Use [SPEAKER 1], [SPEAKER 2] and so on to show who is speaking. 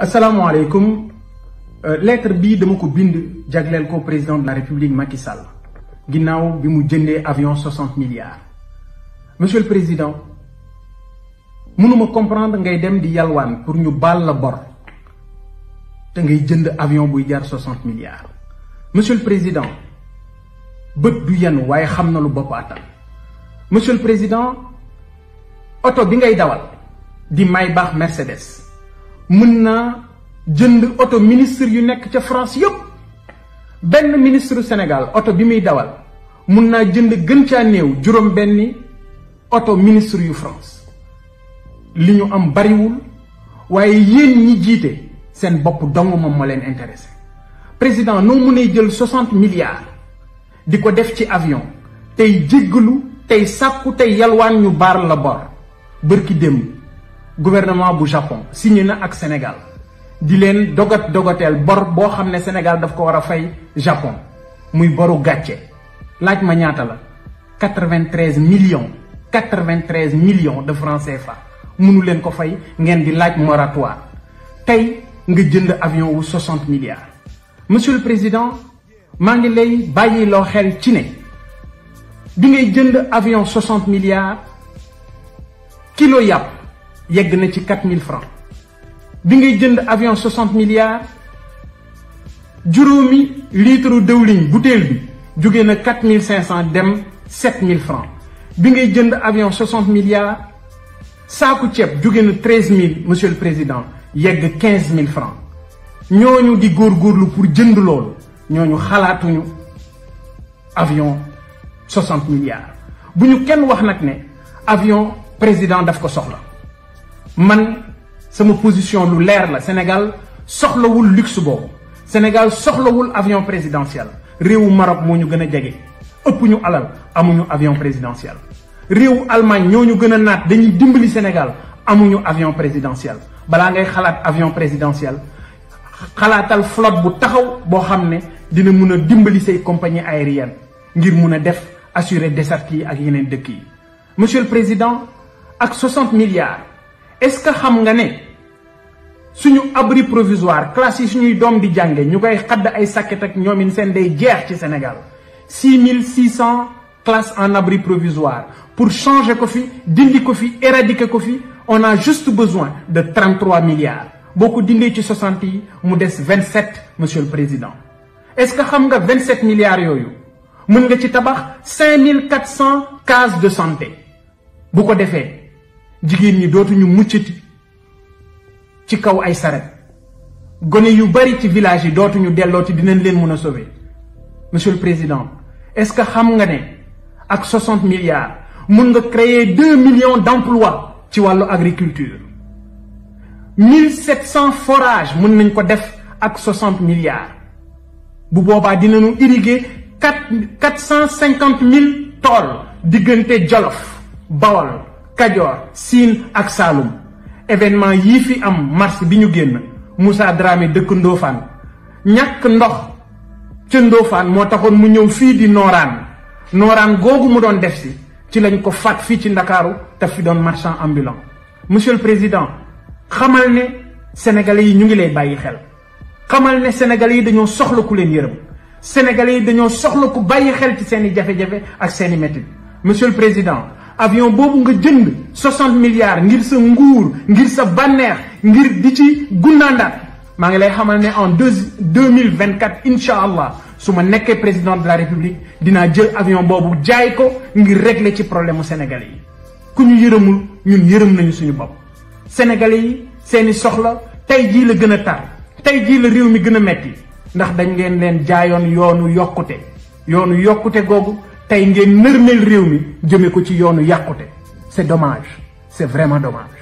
[SPEAKER 1] Assalamu alaikum. Euh, lettre bi dama ko bind ko président de la république Macky Sall a bi mu jëndé avion 60 milliards monsieur le président mënuma comprendre ngay dem di yalwan pour ñu baal la bor te ngay jënd avion de jar milliards monsieur le président bët du yenn waaye xam na lu bopp monsieur le président oto bi ngay dawal di may Mercedes mën naa jënd oto ministre yu nekk ca France yépp benn ministre Sénégal oto bi muy dawal mën naa jënd gën caa néew juróom benni oto ministre yu France li ñu am bariwul waaye yéen ñi jiite seen bopp dong moom moo leen intéressé président noo mënee jël 60 milliards di ko def ci avion tey jéggalu tey sàkku tey yalwaan ñu baar la bor barki démb gouvernement du Japon signé na ak Sénégal di leen dogat dogateel bor bo xamné Sénégal daf ko wara fay Japon muy boru gatché laaj ma ñaata la 93 millions 93 millions de francs CFA mënu len ko fay ngén di laaj moratoire tay nga jënd avion wu 60 milliards. Monsieur le Président ma ngi lay lo xel ci né di ngay jënd avion 60 milliards kilo yàpp yegg na 4 000 francs bi ngay jënd avion 60 milliards juróomi litre dëwlin bouteille bi 4 500 dem 7 000 francs bi ngay jënd avion 60 milliards saako ceeb jugee na 13 000 monsieur le président yegg 15 000 francs ñooñu di góorgóorlu pour jënd loolu ñooñu un avion 60 milliards Si nous kenn wax nag avion président daf ko man sama position lu leer la Sénégal soxlawul luxe boobu Sénégal soxlawul avion présidentiel réewu Maroc moo ñu gën a jege ëpp ñu alal amuñu avion présidentiel réewu Allemagne ñoo ñu gën a naat dañuy dimbali Sénégal amuñu avion présidentiel balaa ngay xalaat avion présidentiel xalaatal flotte bu taxaw boo xam ne dina mun a dimbali say compagnie aérienne ngir mun a def assurer des yi ak yeneen dëkk yi monsieur le président ak 60 milliards est-ce que xam nga un suñu abri provisoire classe yi suñuy doom di jànge ñu ay day ci Sénégal 6600 classes en abri provisoire pour changer ko fi dindi ko fi éradiquer ko fi on a juste besoin de 33 milliards Beaucoup de ci 60 mu dess 27 monsieur le président est-ce que xam nga 27 milliards yoyu mën nga ci tabax 5400 cases de santé bu ko défé jigéen ñi dootuñu muccati ci kaw ay saret gone yu bari ci monsieur le président est ce que xam nga 60 milliards mun nga créer 2 millions d'emplois ci l'agriculture agriculture 1700 forages, mun nañ ko def ak 60 milliards bu boobaa dinañu irriguer 4 450 000 de diggante jolof bawal Kajoor Siin ak Saalum événement yii fi am mars bi ñu génn Moussa Dramé dëkk ndoofaan ñakk ndox ca Ndofane moo taxoon mu ñëw fii di Nooraan Nooraan googu mu doon def si ci lañ ko faat fii ci Ndakaaru te fi doon marchand ambulant monsieur le président xamal ne sénégalais yi ñu ngi lay bàyyi xel xamal ne sénégalais yi dañoo soxla ku leen yërëm sénégalais yi dañoo soxla ku bàyyi xel ci seeni i jafe-jafe ak seen i monsieur le président avion bobu nga jënd 60 milliards ngir sa nguur ngir sa banner ngir di ci gundaandaat ma ngi lay xamal né en 2024 inshallah suma vingt président de la république dina jël avion bobu jaay ko ngir régler ci problème sénégalais yi ku ñu yërëmul ñun yërëm nañu suñu bop sénégalais yi seeni soxla tay ji la gëna tar tey la réew mi gëna metti ndax dañ leen leen jaayoon yoonu yokkute yoonu yokkute googu tay ngeen nërmeel réew mi jëme ko ci yoonu yàqute c'est dommage c'est vraiment dommage